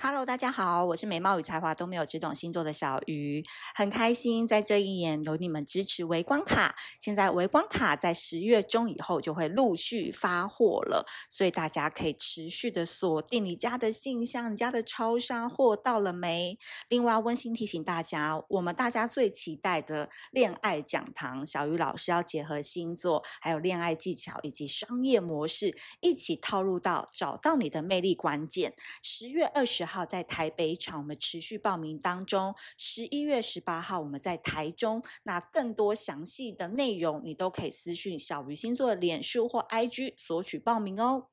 Hello，大家好，我是美貌與才華都沒有只懂星座的小魚，很開心在這一年有你們支持微光卡。現在微光卡在十月中以後就會陸續發貨了，所以大家可以持續的鎖定你家的信箱，你家的超商，貨到了沒？另外溫馨提醒大家，我們大家最期待的戀愛講堂，小魚老師要結合星座，還有戀愛技巧以及商業模式，一起套入到找到你的魅力關鍵。十月二十號。號在台北場，我們持續報名當中。十一月十八號，我們在台中。那更多詳細的內容，你都可以私訊小魚星座的臉書或 IG 索取報名哦。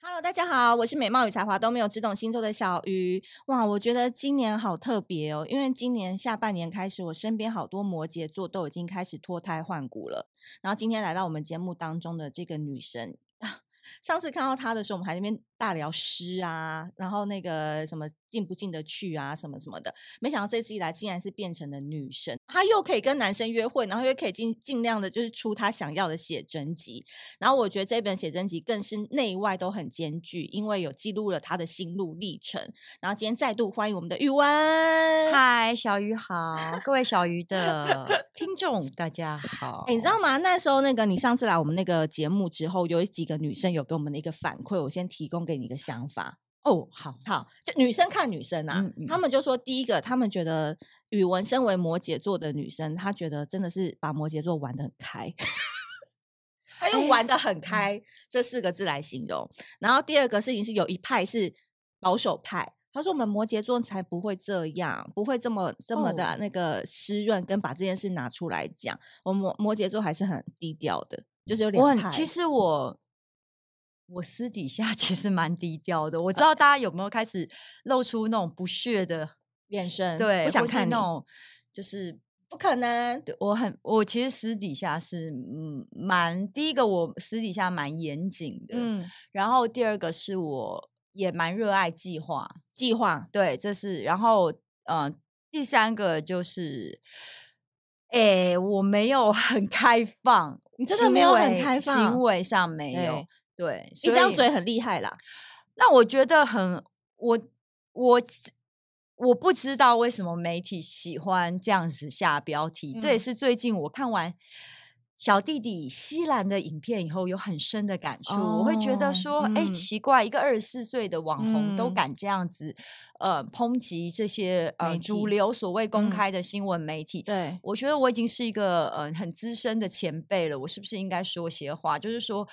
Hello，大家好，我是美貌與才華都沒有，只懂星座的小魚。哇，我覺得今年好特別哦，因為今年下半年開始，我身邊好多摩羯座都已經開始脫胎換骨了。然後今天來到我們節目當中的這個女神。上次看到他的時候，我們還在那邊。大療師啊，然後那個什麼進不進得去啊，什麼什麼的，沒想到這次一來，竟然是變成了女神。她又可以跟男生約會，然後又可以盡盡量的，就是出她想要的寫真集。然後我覺得這本寫真集更是內外都很兼具，因為有記錄了她的心路歷程。然後今天再度歡迎我們的妤玟，嗨，小魚好， 各位小魚的聽眾 大家好。哎、欸，你知道嗎？那時候那個你上次來我們那個節目之後，有幾個女生有給我們的一個反饋，我先提供。給你一個想法哦，好好，就女生看女生啊，他、嗯嗯、們就說第一個，他們覺得妤玟身為摩羯座的女生，她覺得真的是把摩羯座玩的很開，她用“玩的很開”欸、這四個字來形容。然後第二個事情是，有一派是保守派，他說我們摩羯座才不會這樣，不會這麼這麼的那個濕潤，跟把這件事拿出來講。我們摩摩羯座還是很低調的，就是有兩派。其實我。我私底下其實蠻低調的，我知道大家有沒有開始露出那種不屑的眼神，對，不想看不想那種，就是不可能對。我很，我其實私底下是嗯蠻第一個，我私底下蠻嚴謹的，嗯，然後第二個是我也蠻熱愛計劃，計劃對，這是然後嗯、呃、第三個就是，哎、欸，我沒有很開放，你真的沒有很開放，行為，行為上沒有。對，一張嘴很厲害啦。那我覺得很，我我我不知道為什麼媒體喜歡這樣子下標題。嗯、這也是最近我看完小弟弟西蘭的影片以後有很深的感觸。哦、我會覺得說，哎、嗯欸，奇怪，一個二十四歲的網紅都敢這樣子、嗯、呃抨擊這些呃媒體、主流所謂公開的新聞媒體。嗯、對，我覺得我已經是一個、呃、很資深的前輩了，我是不是應該說些話？就是說。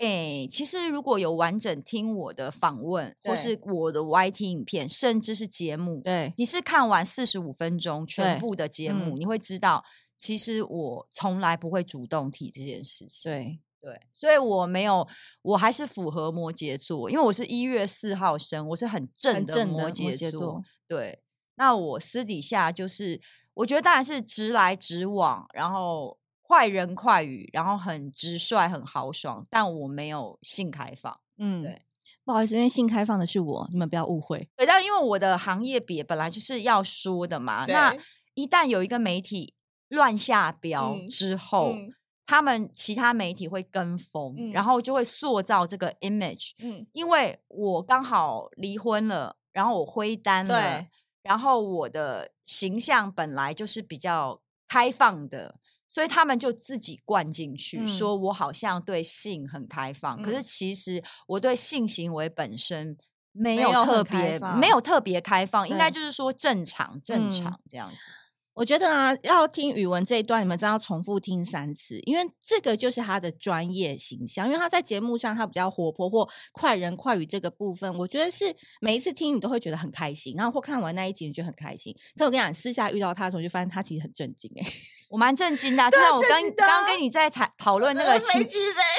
哎、欸，其實如果有完整聽我的訪問，對或是我的 YT 影片，甚至是節目，對，你是看完四十五分鐘對全部的節目，嗯、你會知道，其實我從來不會主動提這件事情。對對，所以我沒有，我還是符合摩羯座，因為我是一月四號生，我是很正的摩羯座。對，那我私底下就是，我覺得當然是直來直往，然後。快人快語，然後很直率，很豪爽，但我沒有性開放。嗯，對，不好意思，因為性開放的是我，你們不要誤會。對，但因為我的行業別本來就是要說的嘛，對那一旦有一個媒體亂下標之後，嗯嗯、他們其他媒體會跟風，嗯、然後就會塑造這個 image。嗯，因為我剛好離婚了，然後我恢單了，對然後我的形象本來就是比較開放的。所以他們就自己灌進去，嗯、說我好像對性很開放，嗯、可是其實我對性行為本身沒有特別沒，沒有特別開放，對應該就是說正常正常這樣子、嗯。我覺得啊，要聽妤玟這一段，你們真要重複聽三次，因為這個就是他的專業形象。因為他在節目上他比較活潑或快人快語這個部分，我覺得是每一次聽你都會覺得很開心，然後或看完那一集你就很開心。但我跟你講，你私下遇到他的時候，就發現他其實很震驚哎、欸。我蠻震驚的、啊，就像對我剛剛、啊、跟你在談討論那個情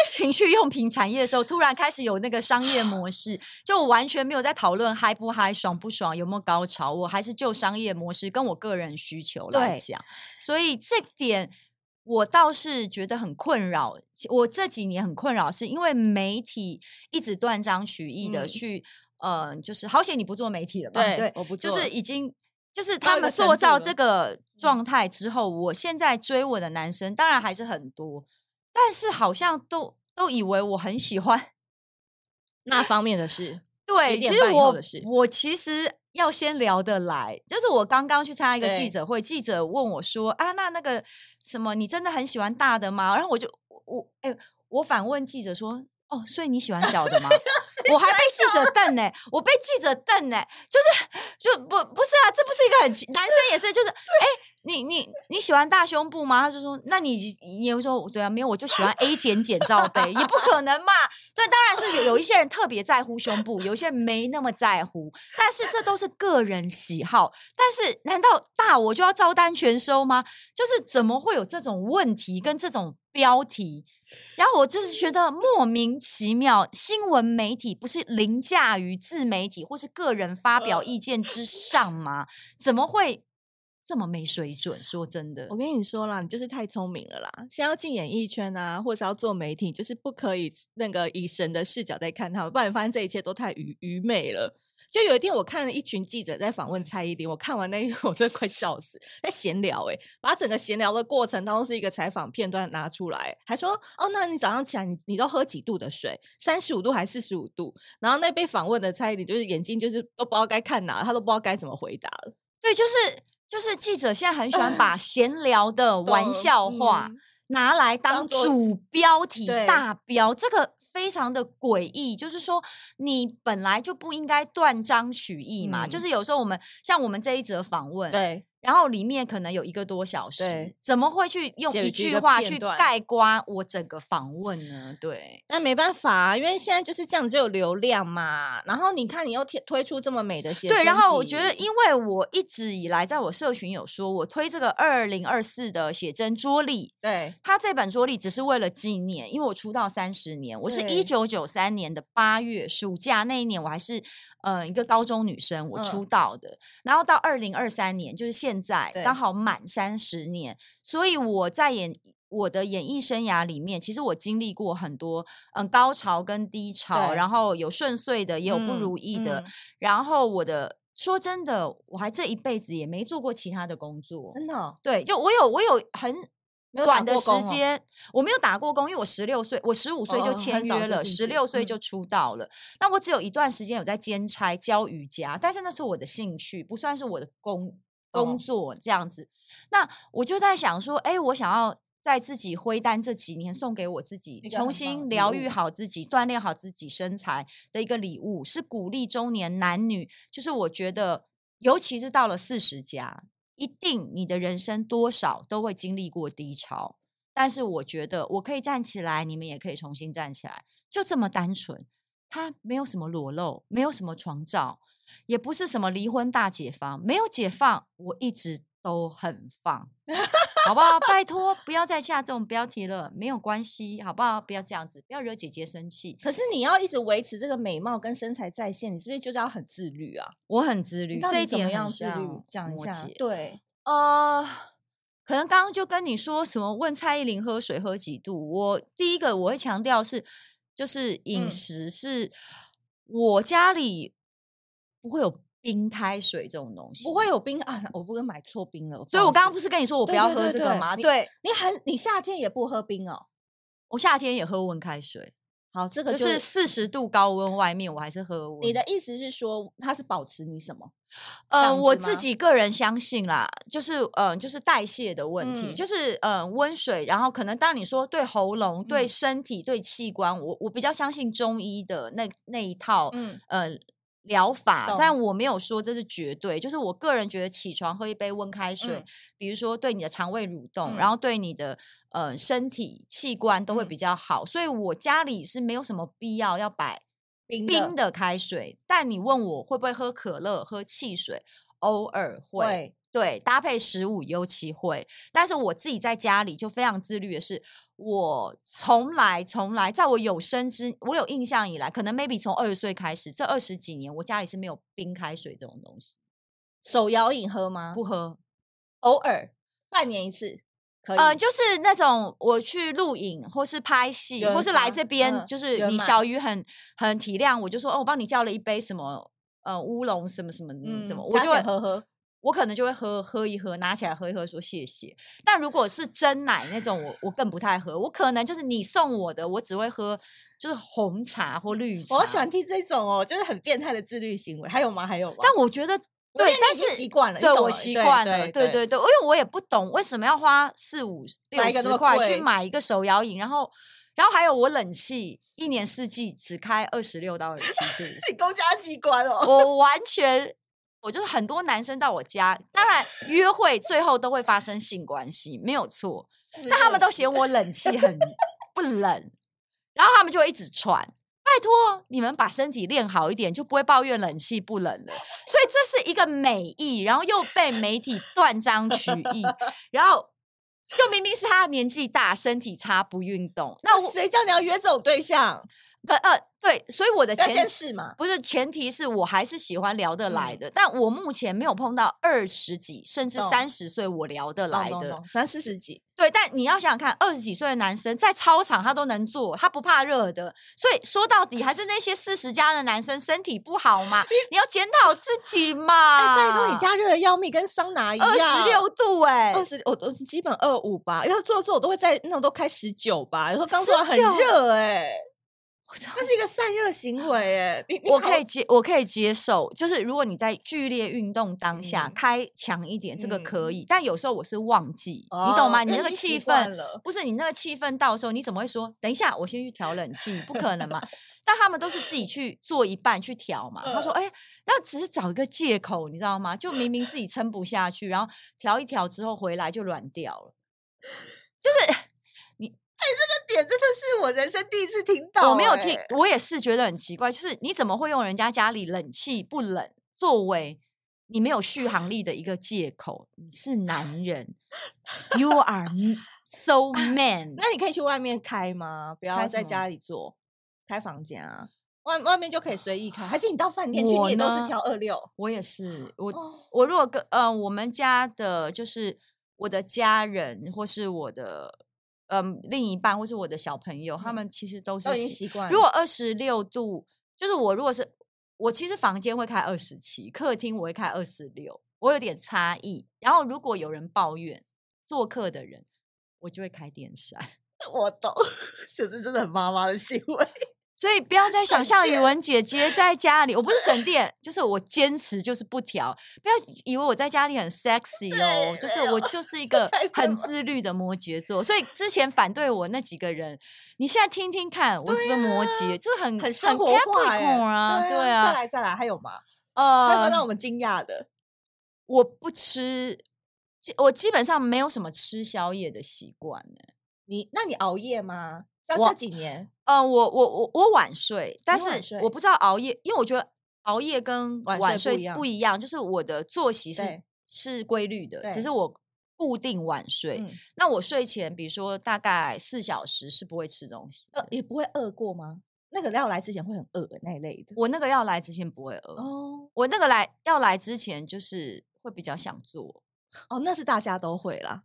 情趣用品產業的時候， 突然開始有那個商業模式，就我完全沒有在討論嗨不嗨、爽不爽、有沒有高潮，我還是就商業模式跟我個人需求來講，對所以這點我倒是覺得很困擾。我這幾年很困擾，是因為媒體一直斷章取義的去，嗯、呃，就是好險你不做媒體了，吧？對，對我不做，就是已經。就是他們塑造這個狀態之後，我現在追我的男生當然還是很多，但是好像都都以為我很喜歡那方面的事。對，其實我我其實要先聊得來。就是我剛剛去參加一個記者會，記者問我說：“啊，那那個什麼，你真的很喜歡大的嗎？”然後我就我哎、欸，我反問記者說。哦，所以你喜歡小的嗎？ 小啊、我還被記者瞪呢、欸，我被記者瞪呢、欸，就是就不不是啊，這不是一個很 男生也是，就是哎、欸，你你你喜歡大胸部嗎？他就說，那你你我說對啊，沒有，我就喜歡 A 減減罩杯， 也不可能嘛。對，當然是有有一些人特別在乎胸部，有一些沒那麼在乎，但是這都是個人喜好。但是難道大我就要照單全收嗎？就是怎麼會有這種問題跟這種標題？然後我就是覺得莫名其妙，新聞媒體不是凌駕於自媒體或是個人發表意見之上嗎？怎麼會這麼沒水準？說真的，我跟你說啦，你就是太聰明了啦！先要進演藝圈啊，或是要做媒體，就是不可以那個以神的視角在看他們，不然你發現這一切都太愚愚昧了。就有一天，我看了一群記者在訪問蔡依林，我看完那一天我真的快笑死，在閒聊，哎、欸，把整個閒聊的過程當中是一個採訪片段拿出來，還說哦、喔，那你早上起來你你都喝幾度的水，三十五度還是四十五度？然後那被訪問的蔡依林就是眼睛就是都不知道該看哪，他都不知道該怎麼回答了。對，就是就是記者現在很喜歡把閒聊的 玩笑話拿來當主標題、嗯、剛剛大標這個。非常的詭異，就是說你本來就不應該斷章取義嘛，嗯，就是有時候我們像我們這一則訪問，對。然後裡面可能有一個多小時，對，怎麼會去用一句話去概括我整個訪問呢？對，但沒辦法啊，因為現在就是這樣，只有流量嘛。然後你看，你又推出這麼美的寫真，對，然後我覺得，因為我一直以來在我社群有說我推這個二零二四的寫真桌曆，對，它這本桌歷只是為了紀念，因為我出道三十年，我是一九九三年的八月暑假那一年，我還是。呃，一個高中女生，我出道的。嗯、然後到二零二三年，就是現在對剛好滿三十年，所以我在演我的演藝生涯裡面，其實我經歷過很多嗯高潮跟低潮，對然後有順遂的，嗯、也有不如意的，嗯、然後我的說真的，我還這一輩子也沒做過其他的工作，真的、哦，對，就我有我有很。啊、短的時間，我沒有打過工，因為我十六歲，我十五歲就簽約了，十六、oh, 歲就出道了。嗯、那我只有一段時間有在兼差教瑜伽，但是那是我的興趣，不算是我的工工作，oh. 這樣子。那我就在想說，哎、欸，我想要在自己恢單這幾年送給我自己，重新療癒好自己，鍛鍊好自己身材的一個禮物，是鼓勵中年男女，就是我覺得，尤其是到了四十加。一定，你的人生多少都會經歷過低潮，但是我覺得我可以站起來，你們也可以重新站起來，就這麼單純。他沒有什麼裸露，沒有什麼床照，也不是什麼離婚大解放，沒有解放，我一直都很放。 好不好？拜託，不要再下這種標題了，沒有關係，好不好？不要這樣子，不要惹姐姐生氣。可是你要一直維持這個美貌跟身材在線，你是不是就是要很自律啊？我很自律，這一點要自律，講一下。對，呃，uh, 可能剛剛就跟你說什麼，問蔡依林喝水喝幾度？我第一個我會強調是，就是飲食是，嗯、我家裡不會有。冰開水這種東西不會有冰啊！我不會買錯冰了，所以我剛剛不是跟你說我不要喝這個嗎？對，你很，你夏天也不喝冰哦？我夏天也喝溫開水。好，這個就是四十度高溫外面，我還是喝溫。你的意思是說，它是保持你什麼？呃，我自己個人相信啦，就是嗯，就是代謝的問題，就是嗯，溫水，然後可能當你說對喉嚨、對身體、對器官，我我比較相信中醫的那那一套，嗯，呃。療法，但我沒有說這是絕對，就是我個人覺得起床喝一杯溫開水，嗯、比如說對你的腸胃蠕動，嗯、然後對你的呃身體器官都會比較好，嗯、所以我家裡是沒有什麼必要要擺冰的開水，冰的。但你問我會不會喝可樂、喝汽水，偶爾會。會對，搭配食物尤其會。但是我自己在家裡就非常自律的是，我從來從來在我有生之我有印象以來，可能 maybe 從二十歲開始，這二十幾年我家裡是沒有冰開水這種東西。手搖飲喝嗎？不喝，偶爾半年一次，可以。嗯、呃，就是那種我去錄影或是拍戲或是來這邊，嗯、就是你小魚很很體諒，我就說哦，我幫你叫了一杯什麼呃烏龍什麼什麼怎麼，嗯嗯、我就喝喝。我可能就會喝喝一喝，拿起來喝一喝，說謝謝。但如果是珍奶那種，我我更不太喝。我可能就是你送我的，我只會喝就是紅茶或綠茶。我喜歡聽這種哦，就是很變態的自律行為。還有嗎？還有嗎？但我覺得，對，對但是習慣了，對我習慣了，對對對，對對對，因為我也不懂為什麼要花四五六十塊去買一個手搖飲，然後然後還有我冷氣一年四季只開二十六到二十七度， 你公家機關哦，我完全。我就是很多男生到我家，當然約會最後都會發生性關係， 沒有錯。但他們都嫌我冷氣很不冷， 然後他們就一直喘。拜托，你們把身體練好一點，就不會抱怨冷氣不冷了。所以這是一個美意，然後又被媒體斷章取義， 然後就明明是他的年紀大、身體差、不運動。那誰叫你要約這種對象？可、嗯、呃對，所以我的前提是嘛，不是前提，是我還是喜歡聊得來的，嗯、但我目前沒有碰到二十幾甚至三十歲我聊得來的三四十幾，對。但你要想想看，二十幾歲的男生在操場他都能坐，他不怕熱的。所以說到底還是那些四十加的男生身體不好嘛，你，你要檢討自己嘛。哎、拜託，你加熱的要命，跟桑拿一樣，二十六度。哎、欸，二十我都基本二五吧，因為坐坐我都會在那種都開十九吧，然後剛坐完很熱。哎、欸。我它是一個散熱行為耶，哎、啊，我可以接，我可以接受，就是如果你在劇烈運動當下、嗯、開強一點，這個可以。嗯、但有時候我是忘記，嗯、你懂嗎？你那個氣氛，不是你那個氣氛，到時候你怎麼會說？等一下，我先去調冷氣， 不可能嘛？但他們都是自己去做一半去調嘛。他說：“哎、欸，那只是找一個借口，你知道嗎？就明明自己撐不下去，然後調一調之後回來就軟掉了，就是。”哎、欸，這個點真的是我人生第一次聽到欸。我沒有聽，我也是覺得很奇怪。就是你怎麼會用人家家裡冷氣不冷作為你沒有續航力的一個借口？是男人，You are so man。 那你可以去外面開嗎？不要在家裡做開，開房間啊，外外面就可以隨意開。還是你到飯店去？呢你都是挑二六？我也是。我，Oh. 我如果跟嗯，呃，我們家的就是我的家人或是我的。嗯，另一半或是我的小朋友，嗯、他們其實都是。都習慣。如果二十六度，就是我如果是我，其實房間會開二十七，客廳我會開二十六，我有點差異。然後如果有人抱怨，做客的人，我就會開電扇。我懂，就是真的很媽媽的行為。所以不要再想象妤玟姐姐在家裡，我不是省電， 就是我堅持就是不調。不要以為我在家裡很 sexy 哦，對就是我就是一個很自律的摩羯座。 所以之前反對我那幾個人，你現在聽聽看，我是不是摩羯？啊、這很很生活化很啊！對啊，對啊再來再來，還有嗎？呃，還有讓我們驚訝的，我不吃，我基本上沒有什麼吃宵夜的習慣呢。你那你熬夜嗎？像這幾年，嗯、呃，我我我我晚睡，但是我不知道熬夜，因為我覺得熬夜跟晚睡不一樣，一樣就是我的作息是對是規律的，對只是我固定晚睡。嗯、那我睡前，比如說大概四小時是不會吃東西，呃，也不會餓過嗎？那個要來之前會很餓、欸、那一類的，我那個要來之前不會餓哦，我那個來要來之前就是會比較想做，哦，那是大家都會啦。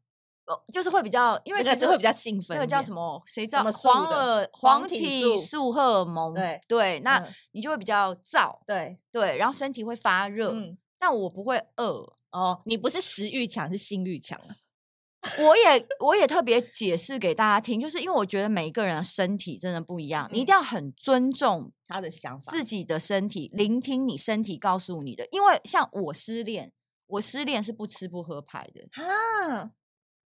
就是會比較，因為其實會比較興奮，那個叫什麼？誰知道黃耳、黃體素荷爾蒙？對對，那你就會比較燥，對對，然後身體會發熱。但我不會餓哦，你不是食欲強，是心欲強。我也我也特別解釋給大家聽，就是因為我覺得每一個人的身體真的不一樣，你一定要很尊重他的想法，自己的身體，聆聽你身體告訴你的。因為像我失戀，我失戀是不吃不喝派的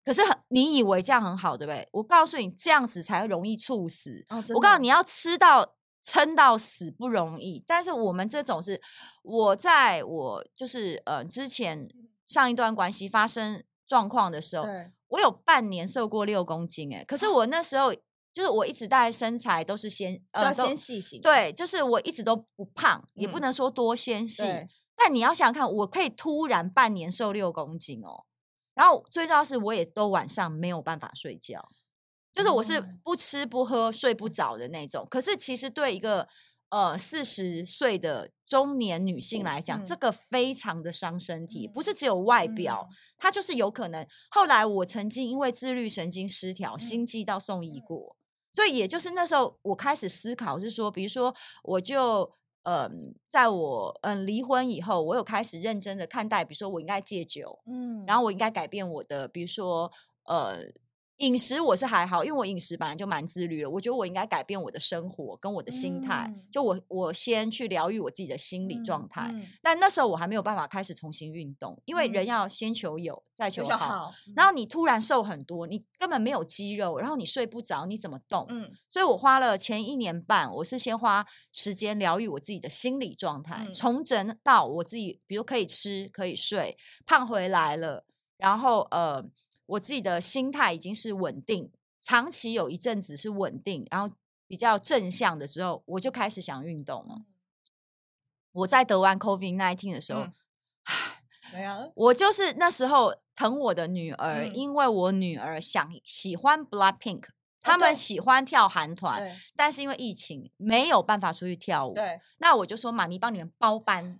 可是很你以為這樣很好，對不對？我告訴你，這樣子才會容易猝死。哦、我告訴你，你要吃到撐到死不容易。但是我們這種是，我在我就是呃之前上一段關係發生狀況的時候，對我有半年瘦過六公斤，欸，哎，可是我那時候就是我一直帶身材都是纖、呃都纖細型，對，就是我一直都不胖，也不能說多纖細。嗯、但你要想想看，我可以突然半年瘦六公斤哦、喔。然後最重要是，我也都晚上沒有辦法睡覺，就是我是不吃不喝睡不着的那種。可是其實對一個呃四十歲的中年女性來講，這個非常的傷身體，不是只有外表，它就是有可能。後來我曾經因為自律神經失調，心悸到送醫過，所以也就是那時候我開始思考，是說，比如說我就。嗯，在我嗯離婚以後，我有開始認真的看待，比如說我應該戒酒，嗯，然後我應該改變我的，比如說呃。飲食我是還好，因為我飲食本來就蠻自律的，我覺得我應該改變我的生活跟我的心態。嗯、就我我先去療癒我自己的心理狀態。嗯嗯、但那時候我還沒有辦法開始重新運動，因為人要先求有、嗯、再求好。求好嗯、然後你突然瘦很多，你根本沒有肌肉，然後你睡不着，你怎麼動？嗯，所以我花了前一年半，我是先花時間療癒我自己的心理狀態，嗯、重整到我自己，比如可以吃可以睡，胖回來了，然後呃。我自己的心態已經是穩定，長期有一陣子是穩定，然後比較正向的時候，我就開始想運動了。我在得完 COVID nineteen 的時候，嗯、唉怎麼樣？我就是那時候疼我的女兒，嗯、因為我女兒想喜歡 BLACKPINK，她們喜歡跳韓團，哦、但是因為疫情沒有辦法出去跳舞，對那我就說媽咪幫你們包班。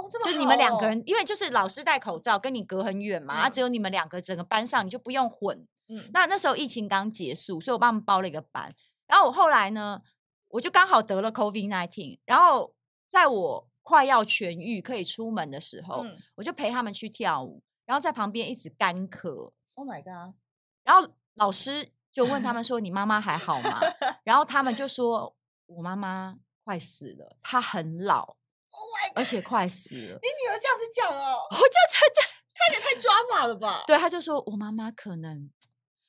哦、就你們兩個人，因為就是老師戴口罩，跟你隔很遠嘛，嗯啊、只有你們兩個，整個班上你就不用混。嗯，那那時候疫情剛結束，所以我幫他們包了一個班。然後我後來呢，我就剛好得了 COVID-19，然後在我快要痊癒可以出門的時候，嗯、我就陪他們去跳舞，然後在旁邊一直乾咳。Oh my god！然後老師就問他們說：“ 你媽媽還好嗎？”然後他們就說：“我媽媽快死了，她很老。” Oh my God，而且快死了！你女兒這樣子講哦，我就覺得他也太抓馬了吧。對，他就說我媽媽可能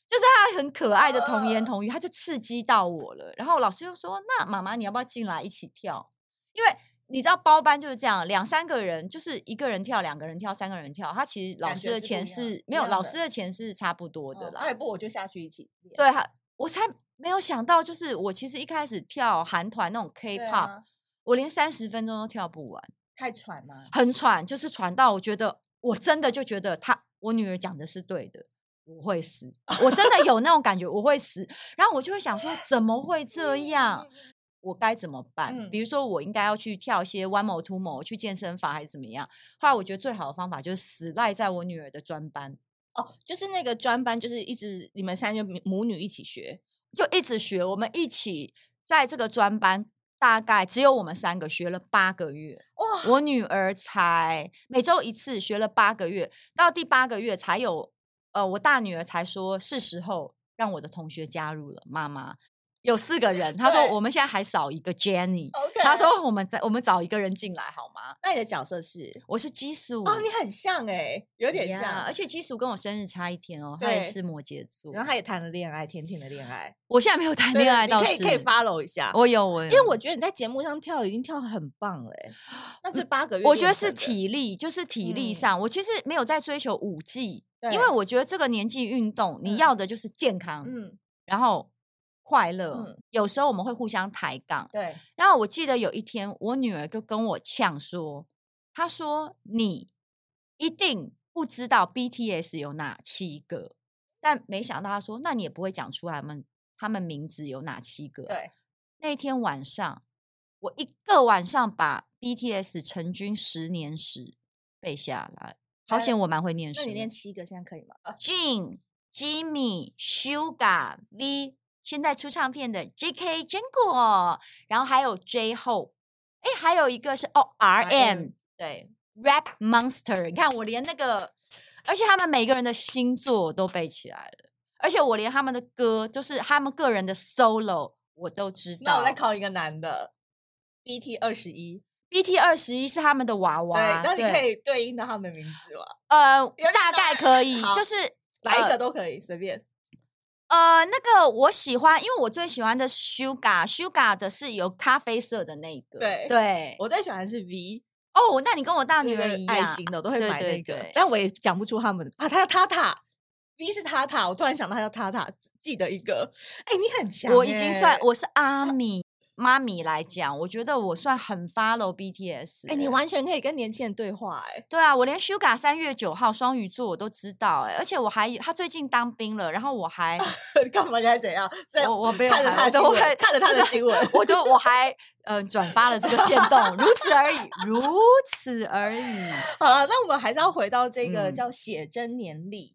就是他很可愛的童言童語，啊、他就刺激到我了。然後老師就說：“那媽媽，你要不要進來一起跳？”因為你知道，包班就是這樣，兩三個人就是一個人跳，兩個人跳，三個人跳。他其實老師的錢是，是沒有，老師的錢是差不多的啦。哎、哦，不，我就下去一起。對他，我才沒有想到，就是我其實一開始跳韓團那種 K-pop。Pop, 我連三十分鐘都跳不完，太喘嗎？很喘，就是喘到我覺得我真的就覺得她，我女兒講的是對的，我會死， 我真的有那種感覺，我會死。然後我就會想說，怎麼會這樣？ 我該怎麼辦？嗯、比如說，我應該要去跳些 one more two more，去健身房還是怎麼樣？後來我覺得最好的方法就是死賴在我女兒的專班。哦，就是那個專班，就是一直你們三個母女一起學，就一直學，我們一起在這個專班。大概只有我們三個學了八個月，oh. 我女兒才每周一次學了八個月，到第八個月才有，呃，我大女兒才說，是時候讓我的同學加入了媽媽。有四個人，他說我們現在還少一個 Jenny。他說我們再我們找一個人進來好嗎？那你的角色是？我是基叔。哦，你很像哎，有點像，而且基叔跟我生日差一天哦，他也是摩羯座，然後他也談了戀愛，甜甜的戀愛。我現在沒有談戀愛，到可以可以 follow 一下。我有我有，因為我覺得你在節目上跳已經跳很棒了。那這八個月，我覺得是體力，就是體力上，我其實沒有在追求舞技，因為我覺得這個年紀運動你要的就是健康。嗯，然後，快樂，嗯，有時候我們會互相抬槓。對，然後我記得有一天，我女兒就跟我嗆說：“她說你一定不知道 BTS 有哪七個，但沒想到她說，那你也不會講出來他們他們名字有哪七個？”對，那一天晚上我一個晚上把 BTS 成軍十年時背下來，好險我蠻會念書。欸，那你念七個現在可以嗎？Jean Jimmy、Suga、V。現在出唱片的 J.K. Jungle，、哦、然後還有 J-Hope，哎，還有一個是、哦、R.M. 對，Rap Monster。你看我連那個，而且他們每個人的星座都背起來了，而且我連他們的歌，就是他們個人的 solo，我都知道。那我再考一個男的，BT21，BT21 是他們的娃娃。對，那你對可以對應到他們的名字哦。呃，大概可以， 好就是來一個都可以，隨便。呃，那個我喜歡，因為我最喜歡的 sugar，sugar 的是有咖啡色的那一個。對，對我最喜歡的是 V。哦，那你跟我大女兒一樣，對對對對，愛心的，我都會買那個，對對對，但我也講不出他們啊，他叫塔塔，V 是塔塔，我突然想到他叫塔塔，記得一個。哎，你很強欸，我已經算我是阿米。啊媽咪來講，我覺得我算很 follow BTS、欸。哎、欸，你完全可以跟年輕人對話、欸，哎。對啊，我連 Suga 三月九號雙魚座我都知道、欸，哎，而且我還他最近當兵了，然後我還幹、呃、嘛？該怎樣？所以我我沒有看他看了他的新聞，我就我還嗯轉、呃、發了這個限動， 如此而已，如此而已。好了，那我們還是要回到這個、嗯、叫寫真年曆，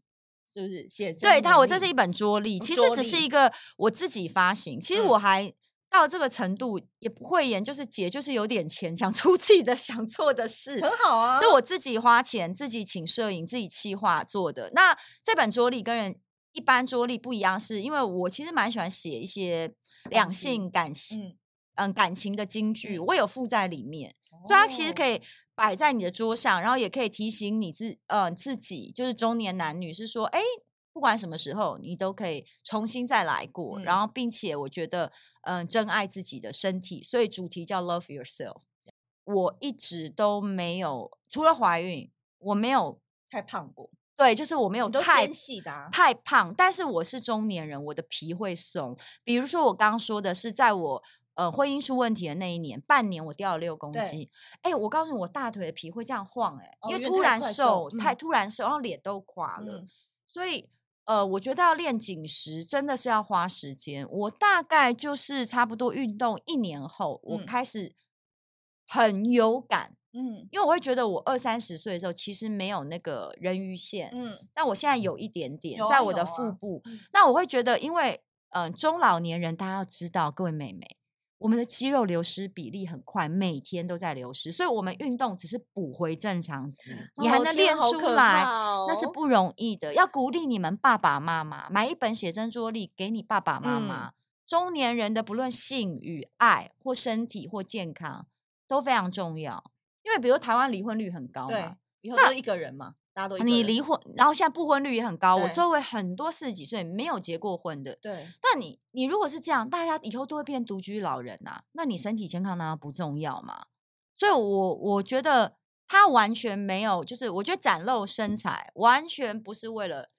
是不是？寫真年曆對但，我這是一本桌曆，曆其實只是一個我自己發行，其實我還。嗯到這個程度也不會演，就是姐就是有點錢，想出自己的想做的事，很好啊。就我自己花錢，自己請攝影，自己企劃做的，那這本桌曆跟人一般桌曆不一樣是，是因為我其實蠻喜歡寫一些兩性感性感情嗯，嗯感情的金句，我有附在裡面，嗯、所以它其實可以擺在你的桌上，然後也可以提醒你自嗯、呃、自己，就是中年男女是說哎。欸不管什麼時候，你都可以重新再來過，嗯、然後並且我覺得，嗯，珍愛自己的身體，所以主題叫 Love Yourself。我一直都沒有，除了懷孕，我沒有太胖過。對，就是我沒有太、啊、太胖。但是我是中年人，我的皮會鬆。比如說我剛剛說的是，在我呃婚姻出問題的那一年，半年我掉了六公斤。哎對，我告訴你，我大腿的皮會這樣晃誒，哎、哦，因為突然瘦太，太突然瘦，嗯、然後臉都垮了，嗯、所以。呃，我覺得要練緊實真的是要花時間。我大概就是差不多運動一年後，嗯、我開始很有感，嗯，因為我會覺得我二三十歲的時候其實沒有那個人魚線，嗯，但我現在有一點點、嗯、在我的腹部。有啊有啊，那我會覺得，因為嗯、呃，中老年人大家要知道，各位妹妹。我們的肌肉流失比例很快，每天都在流失，所以我們運動只是補回正常值，哦、你還能練出來，天那是不容易的。哦、要鼓勵你們爸爸媽媽買一本《寫真桌曆》，給你爸爸媽媽。嗯、中年人的不論性與愛或身體或健康都非常重要，因為比如台灣離婚率很高嘛，對，以後一個人嘛。你離離婚，嗯、然後現在不婚率也很高。對 我周圍很多四十幾歲沒有結過婚的。對。但你你如果是這樣，大家以後都會變獨居老人吶、啊。那你身體健康呢？不重要嘛。所以我，我我覺得他完全沒有，就是我覺得展露身材完全不是為了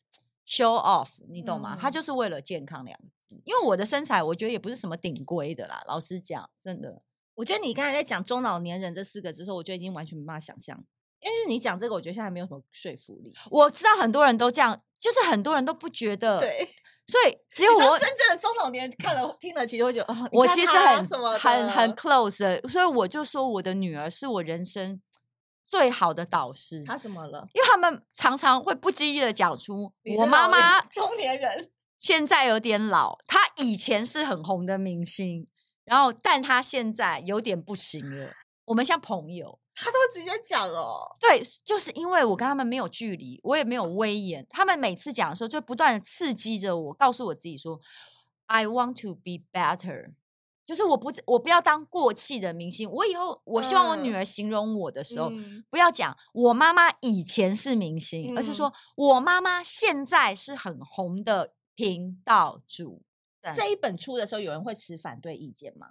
show off，你懂嗎？嗯嗯他就是為了健康這樣。因為我的身材，我覺得也不是什麼頂規的啦。老實講，真的，嗯、我覺得你剛才在講中老年人這四個字之後，我就已經完全沒辦法想象。但是你講這個，我覺得現在沒有什麼說服力。我知道很多人都這樣，就是很多人都不覺得。對，所以只有我真正的中老年看了聽了，其實我就我其實很、啊、很很 close。所以我就說，我的女兒是我人生最好的導師。她怎麼了？因為他們常常會不經意的講出，我媽媽中年人現在有點老，她以前是很紅的明星，然後但她現在有點不行了。我們像朋友。他都直接講了哦，對，就是因為我跟他們沒有距離，我也沒有威嚴，他們每次講的時候就不斷的刺激着我，告訴我自己說，I want to be better，就是我不我不要當過氣的明星，我以後我希望我女兒形容我的時候，嗯、不要講我媽媽以前是明星，嗯、而是說我媽媽現在是很紅的頻道主。這一本出的時候，有人會持反對意見嗎？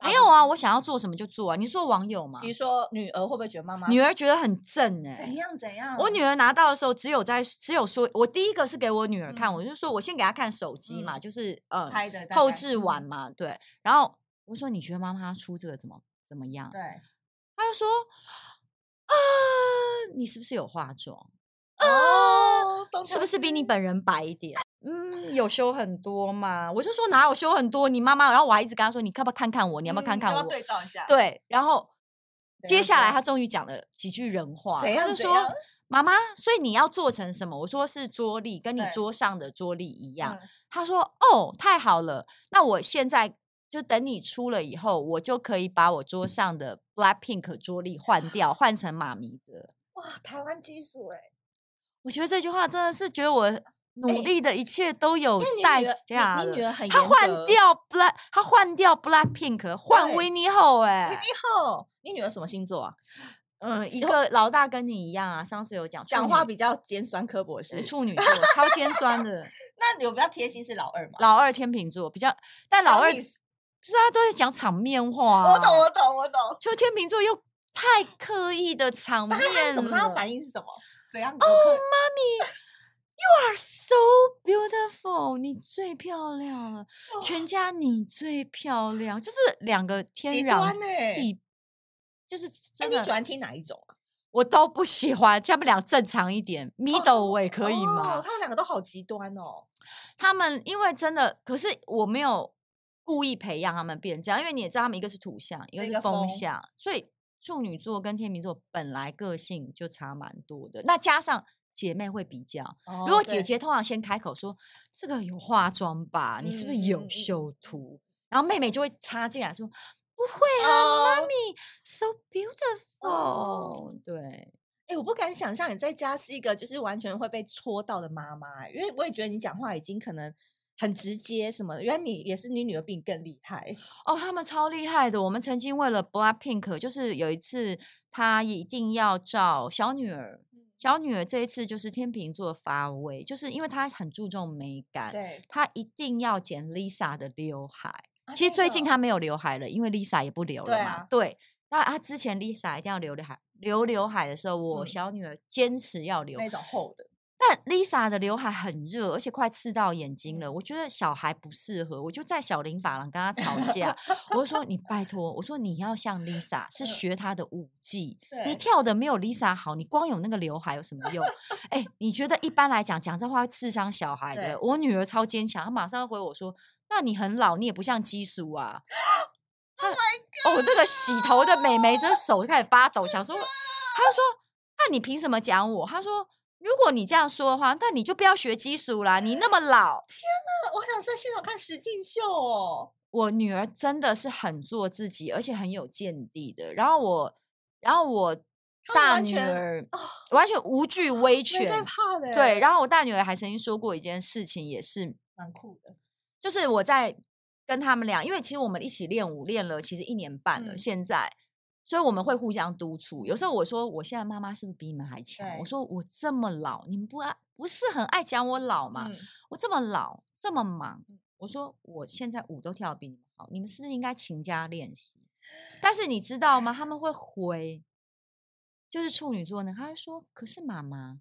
沒有啊，我想要做什麼就做啊。你說網友嘛，比如說女兒會不會覺得媽媽？女兒覺得很正呢、欸。怎樣怎樣？我女兒拿到的時候，只有在只有說，我第一個是給我女兒看，嗯、我就說我先給她看手機嘛，嗯、就是嗯，呃、拍的後製完嘛，對。然後我說你覺得媽媽出這個怎麼怎麼樣？對，他就說啊，你是不是有化妝？是不是比你本人白一點？嗯，有修很多嘛？我就說哪有修很多？你媽媽，然後我還一直跟她說，你可不可以看看我？你要不要看看我？嗯、要不要對照一下，對，然後怎樣？接下來她終於講了幾句人話，她怎樣？就說媽媽怎樣？所以你要做成什麼？我說是桌曆，跟你桌上的桌曆一樣。她對、嗯、說哦，太好了，那我現在就等你出了以後，我就可以把我桌上的 BLACKPINK 桌曆，換掉，換成媽咪的。哇，台灣技術哎。我覺得這句話真的是覺得我努力的一切都有代價。他換掉 Black，他換掉 Black Pink，換維尼後哎。維尼後，你女兒什麼星座啊？嗯，一個老大跟你一樣啊，上次有講，講話比較尖酸刻薄是處女座，超尖酸的。那有比較貼心是老二嘛？老二天秤座，比較，但老二就是他都在講場面話。我懂，我懂，我懂。就天秤座又太刻意的場面了。他的反應是什麼？怎樣？哦，媽咪、就是 oh，You are so beautiful， 你最漂亮了，哇全家你最漂亮，就是兩個天然呢，地、欸、就是那、欸、你喜歡聽哪一種啊？我都不喜歡，他們倆正常一點 ，Middle Way，可以嗎？哦、他們兩個都好極端哦，他們因為真的，可是我沒有故意培養他們變成這樣，因為你也知道，他們一個是土象，一個是風象，風所以。處女座跟天秤座本來個性就差蠻多的，那加上姐妹會比較。哦、如果姐姐通常先開口說：“對這個有化妝吧？嗯、你是不是有修圖？”嗯、然後妹妹就會插進來說：“不會啊，媽、哦、咪，so beautiful。哦”對、欸。我不敢想象你在家是一個就是完全會被戳到的媽媽、欸，因為我也覺得你講話已經可能。很直接什麼的，原來你也是，你女兒比你更厲害哦，他們超厲害的。我們曾經為了 BLACKPINK，就是有一次她一定要照小女兒，小女兒這一次就是天秤座發威，就是因為她很注重美感，對，她一定要剪 Lisa 的劉海。啊、其實最近她沒有劉海了，因為 Lisa 也不留了嘛。對，啊、對，那她、啊、之前 Lisa 一定要留劉，劉海，留劉，劉海的時候，我小女兒堅持要留、嗯、那種厚的。.但 Lisa 的劉海很熱，而且快刺到眼睛了。我覺得小孩不適合，我就在小林髮廊跟他吵架。 我就說：“你拜託，我說你要像 Lisa，是學她的舞技。 對 你跳的沒有 Lisa 好，你光有那個劉海有什麼用？”哎、 欸，你覺得一般來講講這話會刺傷小孩的。對我女兒超堅強，她馬上回我說：“那你很老，你也不像激素啊。”哦，那個洗頭的美眉的手開始發抖， 想說，她就說：“那你憑什麼講我？”她說。如果你這樣說的話，那你就不要學基礎啦！你那麼老，天哪！啊！我想在現場看實境秀哦。我女兒真的是很做自己，而且很有見地的。然後我，然後我大女兒完全、哦、完全無懼威權，怕的對。然後我大女兒還曾經說過一件事情，也是蠻酷的，就是我在跟他們倆，因為其實我們一起練舞練了，其實一年半了，嗯、現在。所以我們會互相督促。有時候我說，我現在媽媽是不是比你們還強？對我說我這麼老，你們不愛不是很愛講我老嗎？嗯、我這麼老，這麼忙，我說我現在舞都跳得比你們好，你們是不是應該勤加練習？但是你知道嗎？唉他們會回，就是處女座呢，他會說：“可是媽媽，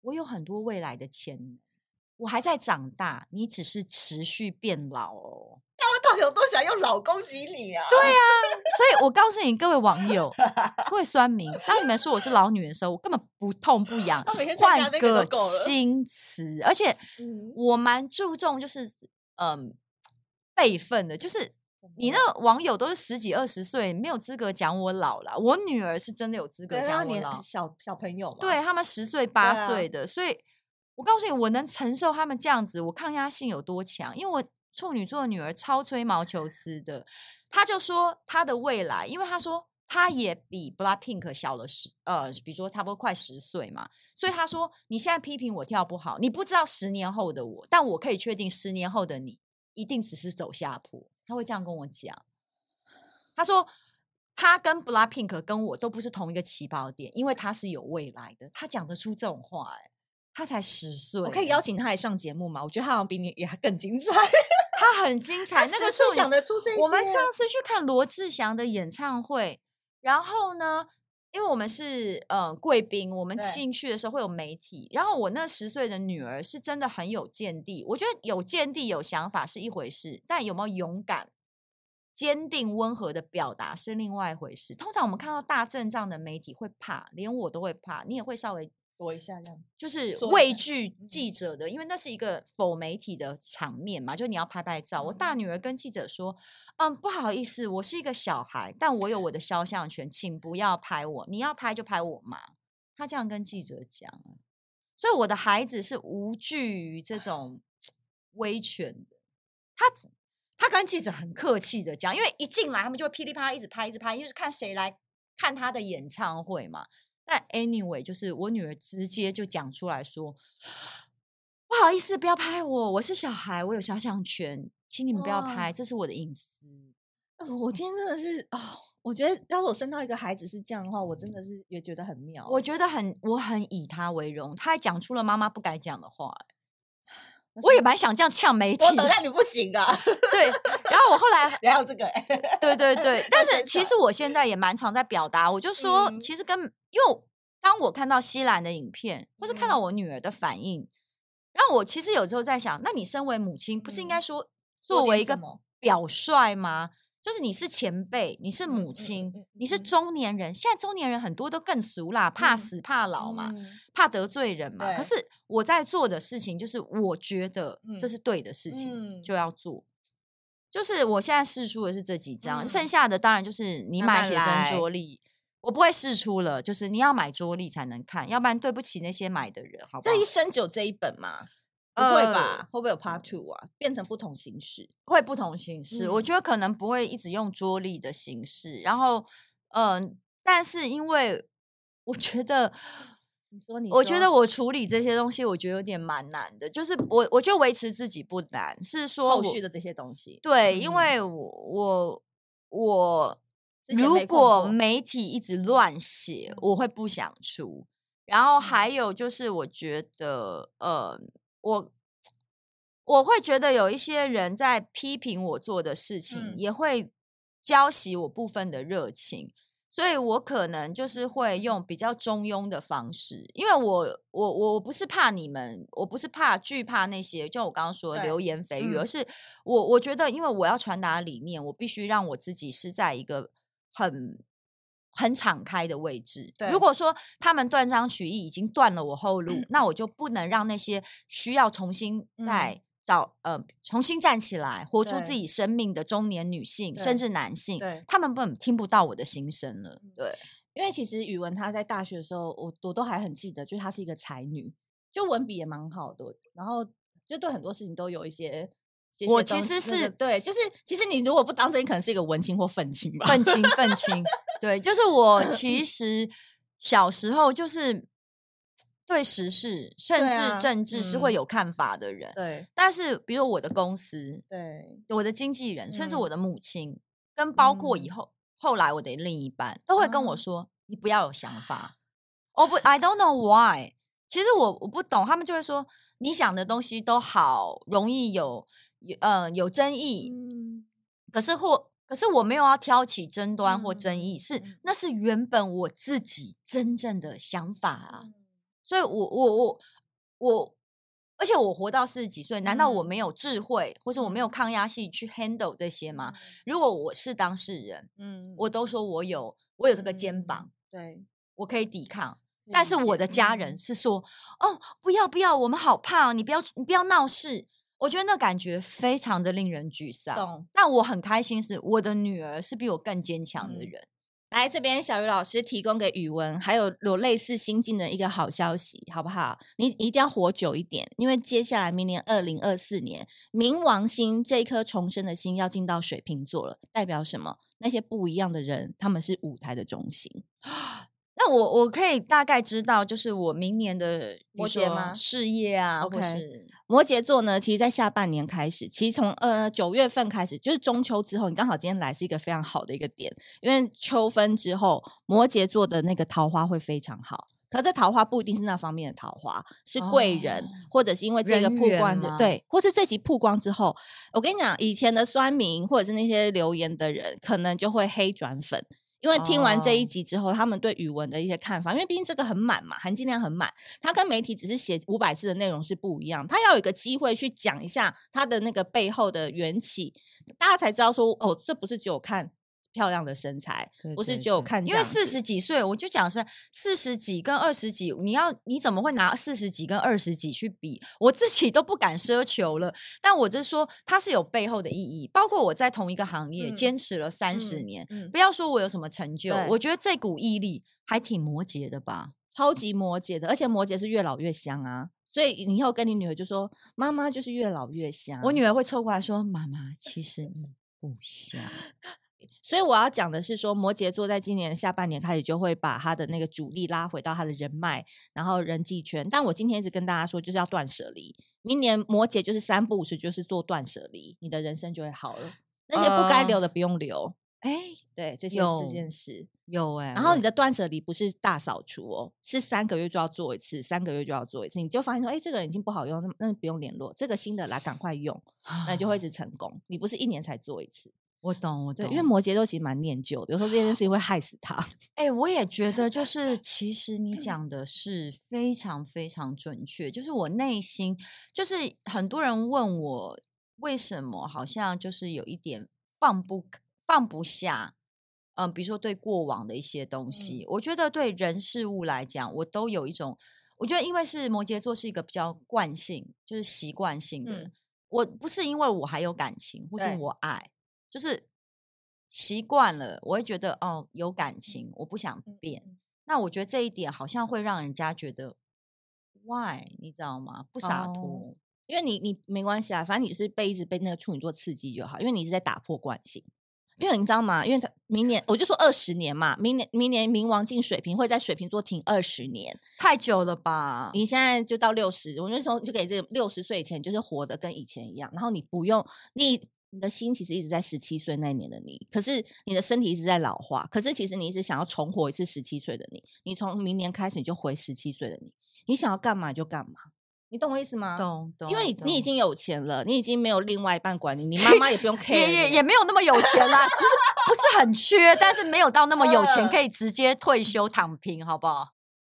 我有很多未來的潛力，我還在長大，你只是持續變老哦。”他們到底有多想用老攻擊你啊？對啊，所以我告訴你各位網友、 各位酸民，當你們說我是老女人的時候，我根本不痛不癢。換 個新詞，而且我蠻注重就是嗯輩分的，就是你那網友都是十幾二十歲，沒有資格講我老了。我女兒是真的有資格講我老，小小朋友嘛，對他們十歲八歲的，啊、所以我告訴你，我能承受他們這樣子，我抗壓性有多強，因為我。處女座的女兒超吹毛求疵的，她就說她的未來，因為她說她也比 BLACKPINK 小了十呃，比如說差不多快十歲嘛，所以她說你現在批評我跳不好，你不知道十年後的我，但我可以確定十年後的你一定只是走下坡。他會這樣跟我講，他說他跟 BLACKPINK 跟我都不是同一個起跑點，因為他是有未來的。他講得出這種話欸，哎，他才十歲，我可以邀請他來上節目嗎？我覺得他好像比你也更精彩。他很精彩，這那個說，講得出這些。我們上次去看羅志祥的演唱會，然後呢，因為我們是嗯貴賓，我們進去的時候會有媒體。對然後我那十歲的女兒是真的很有見地，我覺得有見地、有想法是一回事，但有沒有勇敢、堅定、溫和的表達是另外一回事。通常我們看到大陣仗的媒體會怕，連我都會怕，你也會稍微，我一下,一下，就是畏懼記者的，嗯、因為那是一個否媒體的場面嘛，就你要拍拍照。嗯、我大女兒跟記者說：“嗯，不好意思，我是一個小孩，但我有我的肖像權，請不要拍我。你要拍就拍我嘛。”她這樣跟記者講，所以我的孩子是無懼於這種威權的。他,他跟記者很客氣的講，因為一進來他們就會噼裡啪啦一直拍，一直拍，因為是看誰來看他的演唱會嘛。但 anyway，就是我女兒直接就講出來說：“不好意思，不要拍我，我是小孩，我有肖像權，請你們不要拍，哇這是我的隱私。呃”我今天真的是哦、呃，我覺得要是我生到一個孩子是這樣的話，嗯、我真的是也覺得很妙、欸。我覺得很，我很以他為榮，他還講出了媽媽不該講的話、欸。我也蠻想這樣嗆媒體，我等待你不行的。 對，然後我後來然後這個，對對對，對。 身上 但是其實我現在也蠻常在表達，我就說，其實跟又當我看到西蘭的影片，或是看到我女兒的反應，然後我其實有時候在想，那你身為母親，不是應該說作為一個表率嗎？就是你是前輩，你是母親，嗯嗯嗯、你是中年人。現在中年人很多都更俗啦，怕死怕老嘛，嗯嗯、怕得罪人嘛。嗯、可是我在做的事情，就是我覺得這是對的事情，嗯嗯、就要做。就是我現在釋出的是這幾張，嗯、剩下的當然就是你買寫真桌曆，我不會釋出了。就是你要買桌歷才能看，要不然對不起那些買的人，好不好？這一生只有這一本嘛。不會吧？呃、會不會有 part two 啊？變成不同形式？會不同形式？嗯、我覺得可能不會一直用桌曆的形式。然後，嗯、呃，但是因為我覺得，你說你說，我覺得我處理這些東西，我覺得有點蠻難的。就是我，我覺得維持自己不難，是說後續的這些東西。對，嗯、因為我我我之前 如果媒體一直亂寫，嗯、我會不想出。然後還有就是，我覺得，呃。我我會覺得有一些人在批評我做的事情，嗯、也會澆熄我部分的熱情，所以我可能就是會用比較中庸的方式，因為我我我不是怕你們，我不是怕懼怕那些，就我剛剛說的對流言蜚語，而是、嗯、我我覺得，因為我要傳達理念，我必須讓我自己是在一個很。很敞開的位置。對，如果說他們斷章取義，已經斷了我後路，嗯、那我就不能讓那些需要重新再找，嗯、呃重新站起來活出自己生命的中年女性，對甚至男性，對他們不能聽不到我的心聲了。對，因為其實妤玟她在大學的時候，我我都還很記得，就她是一個才女，就文筆也蠻好的，然後就對很多事情都有一些。我其實是、那個、對，就是其實你如果不當真，可能是一個文青或憤青吧。憤青，憤青。對，就是我其實小時候就是對時事甚至政治是會有看法的人。對，啊嗯、對，但是比如說我的公司，對，我的經紀人，甚至我的母親，嗯、跟包括以後後來我的另一半，都會跟我說：“嗯、你不要有想法。”我不，I don't know why。其實我我不懂，他們就會說：“你想的東西都好容易有。”有嗯、呃、有爭議，嗯、可是或可是我沒有要挑起爭端或爭議，嗯、是那是原本我自己真正的想法啊，嗯、所以我，我我我我，而且我活到四十幾歲，嗯、難道我沒有智慧，或者我沒有抗壓性去 handle 這些嗎？嗯、如果我是當事人，嗯，我都說我有我有這個肩膀，對、嗯，我可以抵抗，對但是我的家人是說，對哦，不要不要，我們好怕、啊，你不要你不要鬧事。我覺得那感覺非常的令人沮喪。那、嗯、我很開心，是我的女兒是比我更堅強的人。嗯、來這邊，小魚老師提供給妤玟還有有類似心境的一個好消息，好不好？你，你一定要活久一點，因為接下來明年二零二四年，冥王星這一顆重生的星要進到水瓶座了，代表什麼？那些不一樣的人，他們是舞台的中心。那我我可以大概知道，就是我明年的摩羯嗎？事業啊，或是 Okay 摩羯座呢？其實，在下半年開始，其實從呃九月份開始，就是中秋之後，你剛好今天來是一個非常好的一個點，因為秋分之後，摩羯座的那個桃花會非常好。可這桃花不一定是那方面的桃花，是貴人，哦、或者是因為這個曝光的，對，或是這集曝光之後，我跟你講，以前的酸民或者是那些留言的人，可能就會黑轉粉。因為聽完這一集之後，哦、他們對妤玟的一些看法，因為畢竟這個很滿嘛，含金量很滿。他跟媒體只是寫五百字的內容是不一樣，他要有一個機會去講一下他的那個背後的緣起，大家才知道說哦，這不是只有看。漂亮的身材，不是只有看，對對對，因為四十幾歲，我就講是四十幾跟二十幾，你要你怎麼會拿四十幾跟二十幾去比？我自己都不敢奢求了。但我就說，它是有背後的意義。包括我在同一個行業、嗯、堅持了三十年，嗯嗯、不要說我有什麼成就，對我覺得這股毅力還挺摩羯的吧，超級摩羯的。而且摩羯是越老越香啊，所以以後跟你女兒就說，媽媽就是越老越香。我女兒會湊過來說，媽媽其實你不香。所以我要講的是說，摩羯座在今年下半年開始就會把他的那個主力拉回到他的人脈，然後人際圈。但我今天一直跟大家說，就是要斷舍離。明年摩羯就是三不五時就是做斷舍離，你的人生就會好了。那些不該留的不用留。哎、呃欸，對，這些有這件事有哎、欸。然後你的斷舍離不是大掃除哦，是三個月就要做一次，三個月就要做一次，你就發現說，哎、欸，這個已經不好用，那那不用聯絡。這個新的來趕快用，那就會一直成功。你不是一年才做一次。我懂，我懂，對，因為摩羯座其實蠻念舊的，有時候這件事情會害死他。哎、 欸，我也覺得，就是其實你講的是非常非常準確。就是我內心，就是很多人問我為什麼好像就是有一點放不放不下。嗯，比如說對過往的一些東西，嗯、我覺得對人事物來講，我都有一種，我覺得因為是摩羯座是一個比較慣性，就是習慣性的。嗯、我不是因為我還有感情，或者我愛。就是習慣了，我會覺得哦，有感情，我不想變。那我覺得這一點好像會讓人家覺得 why，你知道嗎？不灑脫，oh, 因為你你沒關係啊，反正你是被一直被那個處女座刺激就好，因為你一直在打破慣性。因為你知道嗎？因為他明年我就說二十年嘛，明年明年冥王進水瓶會在水瓶座停二十年，太久了吧？你現在就到六十，我那時候就給這六十歲以前就是活得跟以前一樣，然後你不用你。你的心其實一直在十七歲那年的你，可是你的身體一直在老化。可是其實你一直想要重活一次十七歲的你。你從明年開始你就回十七歲的你，你想要幹嘛就幹嘛，懂你懂我意思嗎？懂懂。懂因為你，懂你已經有錢了，你已經沒有另外一半管你，你媽媽也不用 care 也沒有那麼有錢啦，其實不是很缺， 但是沒有到那麼有錢可以直接退休躺平，好不好？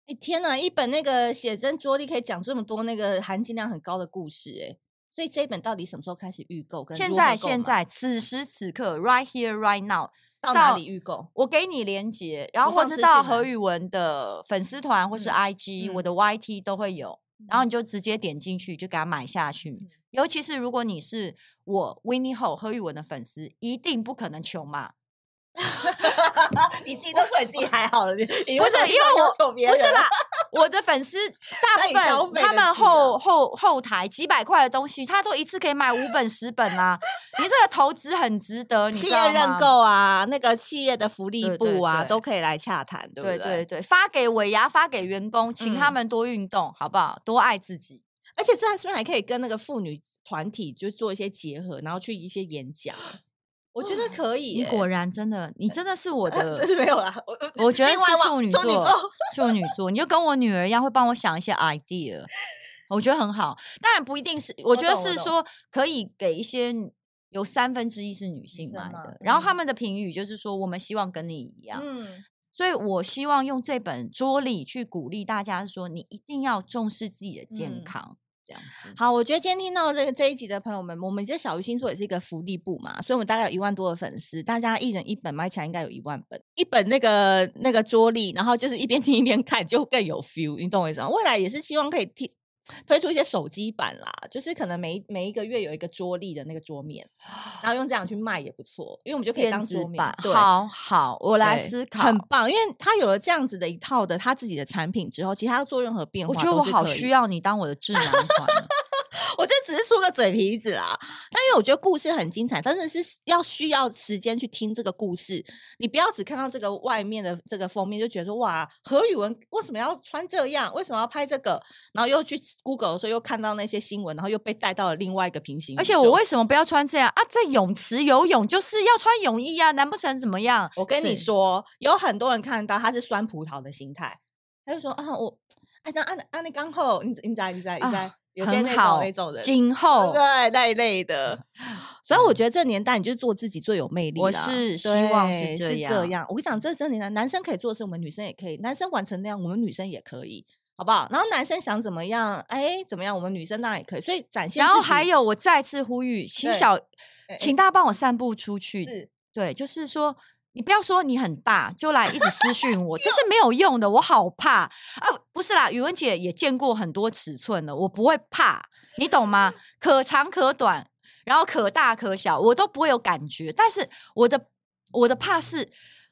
哎 欸，天哪！一本那個寫真桌曆可以講這麼多那個含金量很高的故事、欸，哎。所以這一本到底什麼時候開始預購跟現？現在現在此時此刻 right here right now 到,到哪裡預購？我給你連接，然後或是到何妤玟的粉絲團，或是 IG、嗯嗯、我的 YT 都會有，嗯、然後你就直接點進去就給他買下去。嗯、尤其是如果你是我 Winnie Ho 何妤玟的粉絲，一定不可能窮嘛！ 你自己都說你自己還好， 不是你說別人因為我不是啦。我的粉絲大部分，他們後後後台幾百塊的東西，他都一次可以買五本十本啦，啊。你這個投資很值得，企業認購啊，那個企業的福利部啊，對對對，都可以來洽談，對不對？對，對,對,對，發給尾牙，發給員工，請他們多運動，嗯、好不好？多愛自己。而且這樣是不是還可以跟那個婦女團體就做一些結合，然後去一些演講？我覺得可以、欸，你果然真的，你真的是我的，啊、沒有啦，我，我覺得是處女座，處女座，你就跟我女兒一樣，會幫我想一些 idea， 我覺得很好。當然不一定是，我覺得是說可以給一些有三分之一是女性買的，然後他們的評語就是說，我們希望跟你一樣。嗯，所以我希望用這本桌曆去鼓勵大家，說你一定要重視自己的健康。嗯這樣。好，我覺得今天聽到這個這一集的朋友們，我們這小魚星座也是一個福利部嘛，所以我們大概有一萬多的粉絲，大家一人一本買起來應該有一萬本，一本那個那個桌曆，然後就是一邊聽一邊看，就更有 feel，你懂我意思嗎？未來也是希望可以聽。推出一些手機版啦，就是可能每每一個月有一個桌曆的那個桌面，然後用這樣去賣也不錯，因為我們就可以當桌面。對好，好，我來思考，很棒，因為他有了這樣子的一套的他自己的產品之後，其他做任何變化，我覺得我好需要你當我的智囊團啊。 我就只是說個嘴皮子啦，但因為我覺得故事很精彩，但是是要需要時間去聽這個故事。你不要只看到這個外面的這個封面就覺得說哇，何妤玟為什麼要穿這樣？為什麼要拍這個？然後又去 Google 的時候，又看到那些新聞，然後又被帶到了另外一個平行。而且我為什麼不要穿這樣啊？在泳池游泳就是要穿泳衣啊，難不成怎麼樣？我跟你說，是有很多人看到他是酸葡萄的心態，他就說啊，我哎、啊，那安安剛好，你你在你在。」你很好，那今後對對那一類的，嗯、所以我覺得這個年代你就是做自己最有魅力。我是希望是這，是這樣。我跟你講，這這年代男男生，可以做事。什我們女生也可以，男生玩成那樣，我們女生也可以，好不好？然後男生想怎麼樣，哎，怎麼樣，我們女生那也可以。所以展現。然後還有，我再次呼籲，請小，對誒請大家幫我散布出去。是對，就是說。你不要說你很大就來一直私訊我， 這是沒有用的。我好怕啊！不是啦，妤玟姐也見過很多尺寸了，我不會怕，你懂嗎？ 可長可短，然後可大可小，我都不會有感覺。但是我的我的怕是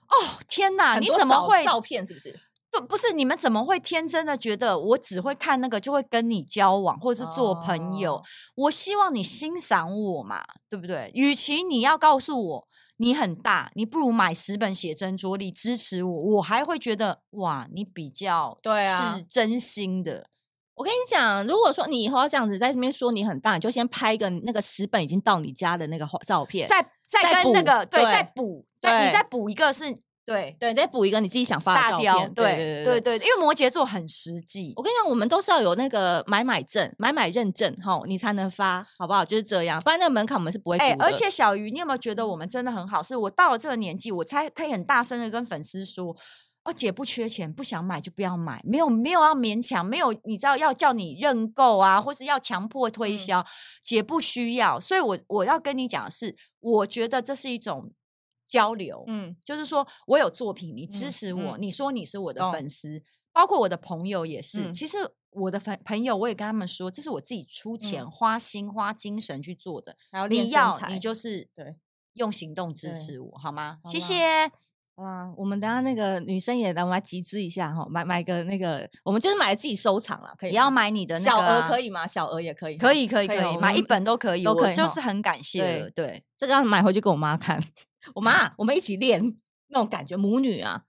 哦，天哪！很多 你怎麼會照片是不是？不不是，你們怎麼會天真的覺得我只會看那個就會跟你交往或者是做朋友？哦、我希望你欣賞我嘛，對不對？與其你要告訴我。你很大，你不如買十本寫真桌，你支持我，我還會覺得哇，你比較對啊，是真心的。啊、我跟你講，如果說你以後要這樣子在這邊說你很大，你就先拍一個那個十本已經到你家的那個照片，再再跟那個再補對，再補再你再補一個是。對對，再補一個你自己想發的照片。對，對對對，對，對，對，因為摩羯座很實際。我跟你講，我們都是要有那個買買證、買買認證吼，你才能發，好不好？就是這樣，不然那個門檻我們是不會。哎、欸，而且小魚，你有沒有覺得我們真的很好？是我到了這個年紀，我才可以很大聲的跟粉絲說：哦，姐不缺錢，不想買就不要買，沒有沒有要勉強，沒有你知道要叫你認購啊，或是要強迫推銷，嗯、姐不需要。所以我我要跟你講的是，我覺得這是一種，交流，嗯，就是說我有作品，你支持我，你說你是我的粉絲，包括我的朋友也是。其實我的朋朋友，我也跟他們說，這是我自己出錢、花心、花精神去做的。你要，你就是對，用行動支持我，好嗎？謝謝。啊，我們等下那個女生也來，我們來集資一下哈，買買個那個，我們就是買自己收藏了，可以。也要買你的那個，小額可以嗎？小額也可以，可以可以可以，買一本都可以，都可，就是很感謝。對，這個要買回去給我媽看。我媽，我們一起練那種感覺，母女啊。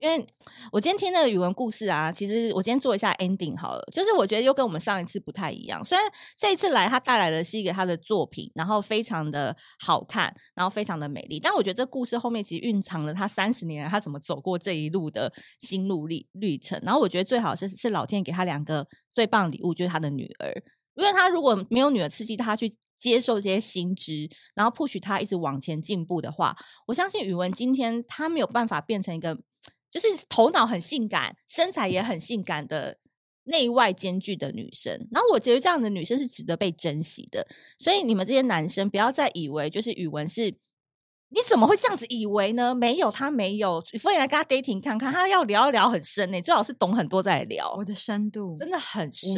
因為我今天聽那個妤玟故事啊,其實我今天做一下 ending 好了。就是我覺得又跟我們上一次不太一樣。雖然這一次來，他帶來的是一個他的作品，然後非常的好看，然後非常的美麗。但我覺得這故事後面其實蘊藏了他三十年來他怎麼走過這一路的心路歷歷程。然後我覺得最好是是老天給他兩個最棒的禮物，就是他的女兒。因為他如果沒有女兒刺激他，他去。接受這些新知，然後 push 她一直往前進步的話，我相信妤玟今天她沒有辦法變成一個就是頭腦很性感、身材也很性感的內外兼具的女生。然後我覺得這樣的女生是值得被珍惜的，所以你們這些男生不要再以為就是妤玟是。你怎麼會這樣子以為呢？沒有，他沒有，所以來跟他 dating 看看，他要聊一聊很深呢。欸，最好是懂很多再來聊。我的深度真的很深。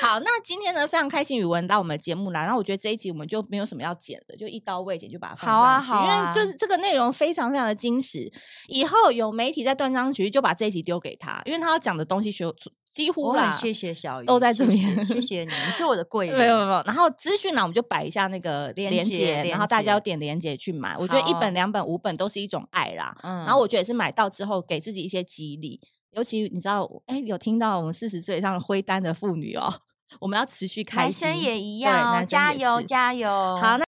好，那今天呢，非常開心妤玟到我們的節目來。然後我覺得這一集我們就沒有什麼要剪的，就一刀未剪就把它放上去。好啊，好啊，因為就是這個內容非常非常的矜持，以後有媒體在斷章取義，就把這一集丟給他，因為他要講的東西學。幾乎很謝謝小魚都在這邊，謝謝你，你是我的貴人。 沒有沒有，然後資訊呢，我們就擺一下那個鏈接，連結連結，然後大家有點鏈接去買。好我覺得一本、兩本、五本都是一種愛啦。嗯，然後我覺得也是買到之後給自己一些激勵。尤其你知道，哎、欸，有聽到我們四十歲以上灰單的婦女哦、喔，我們要持續開心，男生也一樣、哦，男生也加，加油加油。好。那